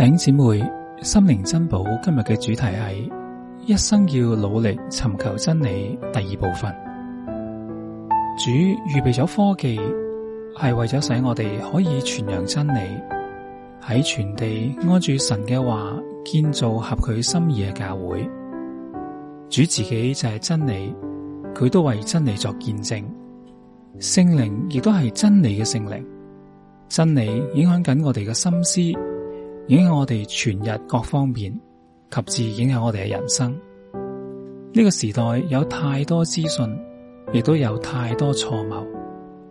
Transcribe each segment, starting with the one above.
頂姐妹心靈珍寶，今日嘅主題係一生要努力尋求真理。第二部分，主預備咗科技，係為咗使我哋可以傳揚真理喺全地，按住神嘅話，建造合佢心意嘅教會。主自己就係真理，佢都為真理作見證。聖靈亦都係真理嘅聖靈，真理影響緊我哋嘅心思。影響我哋全日各方面，及至影響我哋嘅人生。呢、這個時代有太多資訊，亦都有太多錯謬。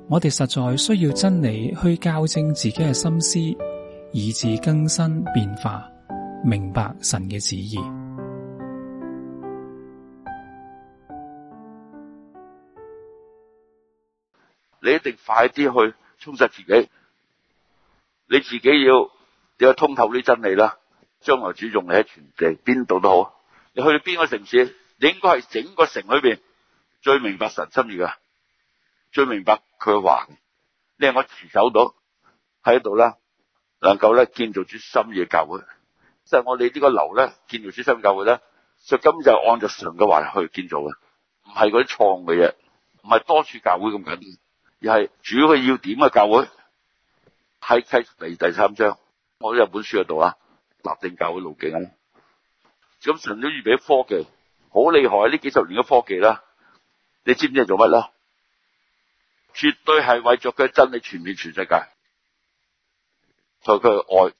我哋實在需要真理去校正自己嘅心思，以至更新變化，明白神嘅旨意。你一定快啲去充實自己，你自己要。你要通透啲真理啦，將來主用你喺全地邊度都好，你去到邊個城市，你應該係整個城裏邊最明白神心意嘅，最明白佢話你係我持守到喺度啦，能夠咧建造主心意嘅教會，即係我哋呢個樓咧建造主心意教會咧，就今本就按照神嘅話去建造嘅，唔係嗰啲創嘅嘢，唔係多處教會咁緊，而係主要佢要點嘅教會，喺契第第三章。我都有本書喺度啊，立定教會路徑咁咁，神都預備科技好厲害。呢幾十年嘅科技啦，你知唔知係做乜啦？絕對係為咗佢真理全面全世界，佢佢愛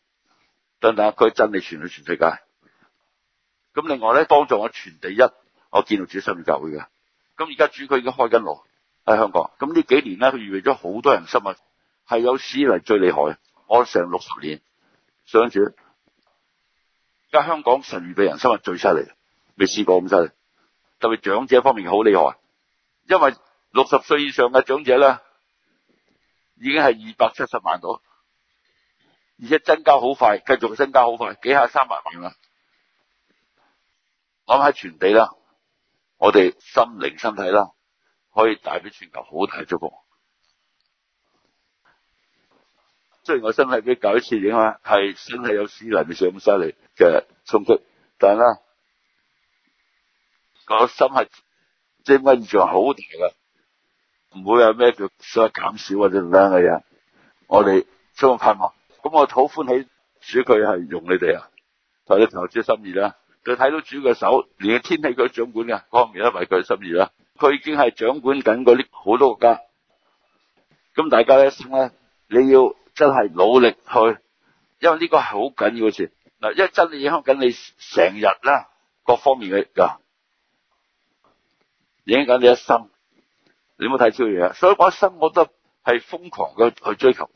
等等，佢真理全到全世界。咁另外咧，當助我傳，第一，我見到主新月教會嘅。咁而家主佢已經開緊路喺香港。咁呢幾年咧，佢預備咗好多人，心物，係有史以來最厲害。我成六十年。想住，而家香港神預嘅人生啊，最犀利，未試過咁犀利，特別長者方面好厲害，因為六十歲以上嘅長者咧，已經係二百七十萬度，而且增加好快，繼續增加好快，幾下三百萬啦。諗喺全地啦，我哋心靈、身體啦，可以帶俾全球好大祝福。雖然我身體比較一次點啊，係身體有私人上咁犀利嘅衝擊，但係咧，我的心係即係溫象好大噶，唔會有咩叫所量減少或者咁樣嘅嘢。我哋充滿盼望，咁我好歡喜主佢係用你哋啊，同你投資心意啦。佢睇到主嘅手，連天氣佢都掌管嘅，嗰方面都係佢心意啦。佢已經係掌管緊嗰啲好多國家，咁大家一生咧，你要。真係努力去，因為呢個係好緊要嘅事嗱，因為真係影響緊你成日啦，各方面嘅噶，影響緊你一生。你冇睇超嘢。啊，所以我一生我都係瘋狂嘅去追求，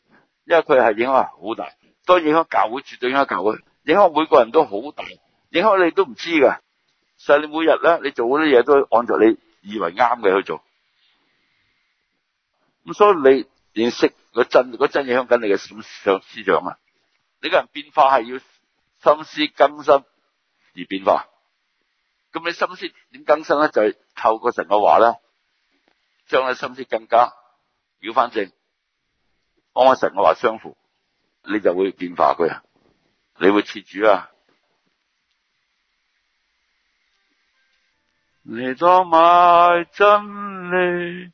因為佢係影響好大，當然，影響教會，絕對影響教會，影響每個人都好大，影響你都唔知噶。所以你每日咧，你做嗰啲嘢都按照你以為啱嘅去做，咁所以你認識。個真個真影響緊你嘅思想，思想啊！你個人變化係要心思更新而變化，咁你心思點更新咧？就係、是、透過神個話咧，將你心思更加拗翻正，按神個話相符，你就會變化佢啊！你會切主啊！嚟當買真理。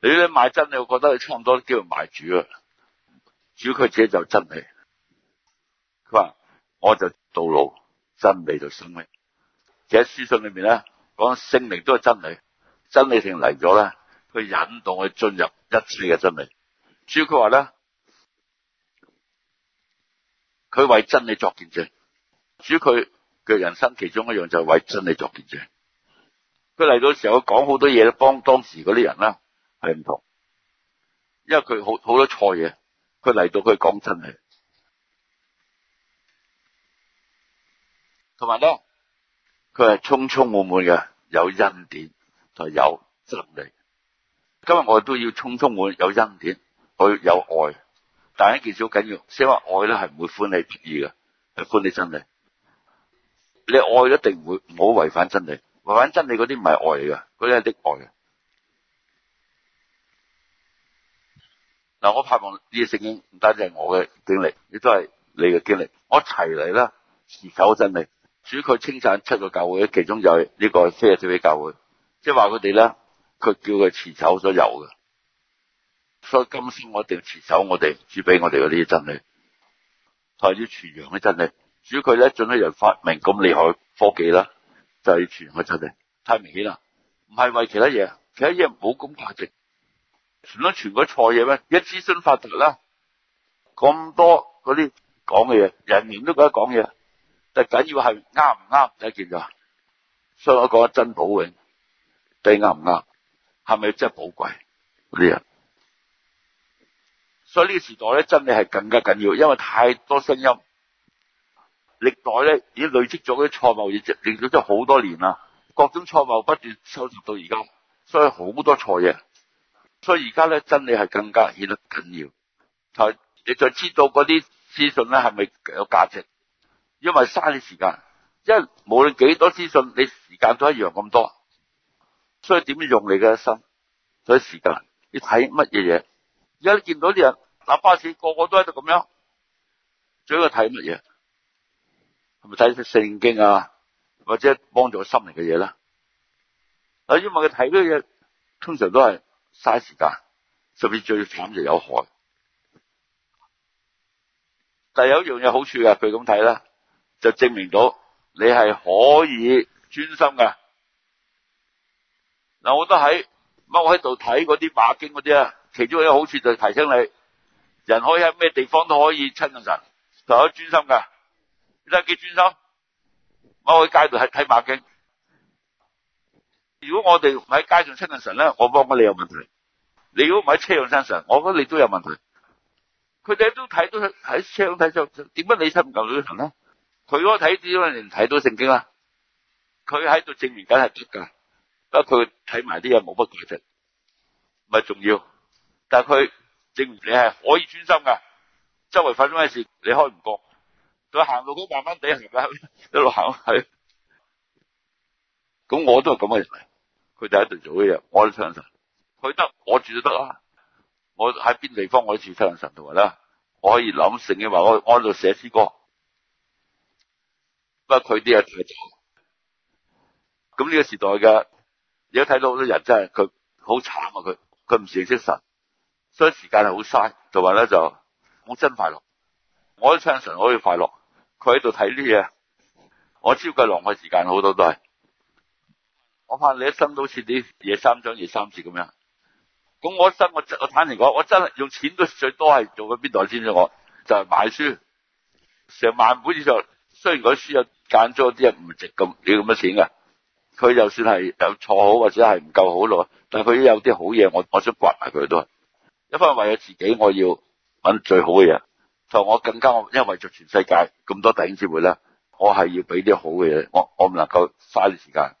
你咧買真理，我覺得你差唔多都叫做買主啊。主要佢自己就是真理，佢話我就道路真理就生命。其實書信裏面咧講，生命都係真理，真理性嚟咗咧，佢引導佢進入一切嘅真理。主要佢話咧，佢為真理作見證。主要佢嘅人生其中一樣就係為真理作見證。佢嚟到嘅時候講好多嘢，幫當時嗰啲人啦。係唔同，因為佢好好多錯嘢，佢嚟到佢講真理，同埋咧，佢係充充滿滿嘅，有恩典同有真理。今日我哋都要充充滿滿有恩典，我有愛，但係一件事好緊要，先係話愛咧係唔會歡喜不義嘅，係歡喜真理。你愛一定唔會唔好違反真理，違反真理嗰啲唔係愛嚟嘅，嗰啲係溺愛。嗱，我盼望呢啲聖經唔單止係我嘅經歷，亦都係你嘅經歷。我齊嚟啦，持守真理，主佢稱讚七個教會，其中就係呢個非耶穌基教會，即係話佢哋咧，佢叫佢持守所有嘅。所以今朝我一定要持守我哋主俾我哋嗰啲真理，係要傳揚啲真理。主佢咧，准得人發明咁厲害科技啦，就係要傳揚嗰真理。太明顯啦，唔係為其他嘢，其他嘢唔好咁價值。全都全部錯嘢咩？一資訊發達啦，咁多嗰啲講嘅嘢，人人都覺得講嘢，但係緊要係啱唔啱，唔使見咗。所以我講真寶永，對不對是不是真啱唔啱？係咪真係寶貴嗰啲啊？所以呢個時代咧，真係係更加緊要，因為太多聲音。歷代咧已經累積咗啲錯謬嘢，累積累咗好多年啦。各種錯謬不斷收集到而家，所以好多錯嘢。所以而家咧，真理係更加顯得緊要。就是、你就知道嗰啲資訊咧，係咪有價值，因為嘥你時間，因為無論幾多資訊，你時間都一樣咁多。所以點用你嘅一生，所以時間你睇乜嘢嘢。而家你見到啲人搭巴士，個個都喺度咁樣，主要睇乜嘢？係咪睇聖經啊，或者幫助心靈嘅嘢咧？因為佢睇嗰啲嘢，通常都係。嘥時間，甚至最慘就有害。但有一樣嘢好處啊，佢咁睇啦，就證明到你係可以專心㗎。嗱，我覺得喺我喺度睇嗰啲馬經嗰啲啊，其中一個好處就提醒你，人可以喺咩地方都可以親近神，可以專心㗎。你真係幾專心？我喺街度係睇馬經。如果我哋喺街上親近神咧，我幫嘅你有問題；你如果唔喺車上親近神，我覺得你都有問題。佢哋都睇到喺車上睇到，點解你親近唔到神咧？佢嗰個睇點樣嚟？睇到聖經啦，佢喺度證明緊係得噶，不過佢睇埋啲嘢冇乜價值，唔係重要。但係佢證明你係可以專心噶，周圍發生咩事你開唔過，佢行路都慢慢地行一路行係。咁我都係咁嘅認為。佢就喺度做啲嘢，我都信任神。佢得我住就得啦。我喺邊地方我都住唱神，同埋咧，我可以諗聖嘅話，我我喺度寫詩歌。不過佢啲嘢太多。咁呢個時代嘅，而家睇到好多人真係佢好慘啊！佢佢唔認識神，所以時間係好嘥。同埋咧就冇真快樂。我信任神，我可以快樂。佢喺度睇啲嘢，我超過浪費時間好多都係。我怕你一生都似啲廿三章、廿三節咁樣。咁我一生我我坦嚟講，我真係用錢都最多係做咗邊度先。知我就係、是、買書，成萬本以上。雖然嗰啲書有揀咗啲嘢唔值咁呢咁多錢嘅，佢就算係有錯好或者係唔夠好咯，但係佢都有啲好嘢，我我想掘埋佢都係。一方面為咗自己，我要揾最好嘅嘢；同我更加我因為做全世界咁多弟兄姊妹咧，我係要俾啲好嘅嘢。我我唔能夠嘥啲時間。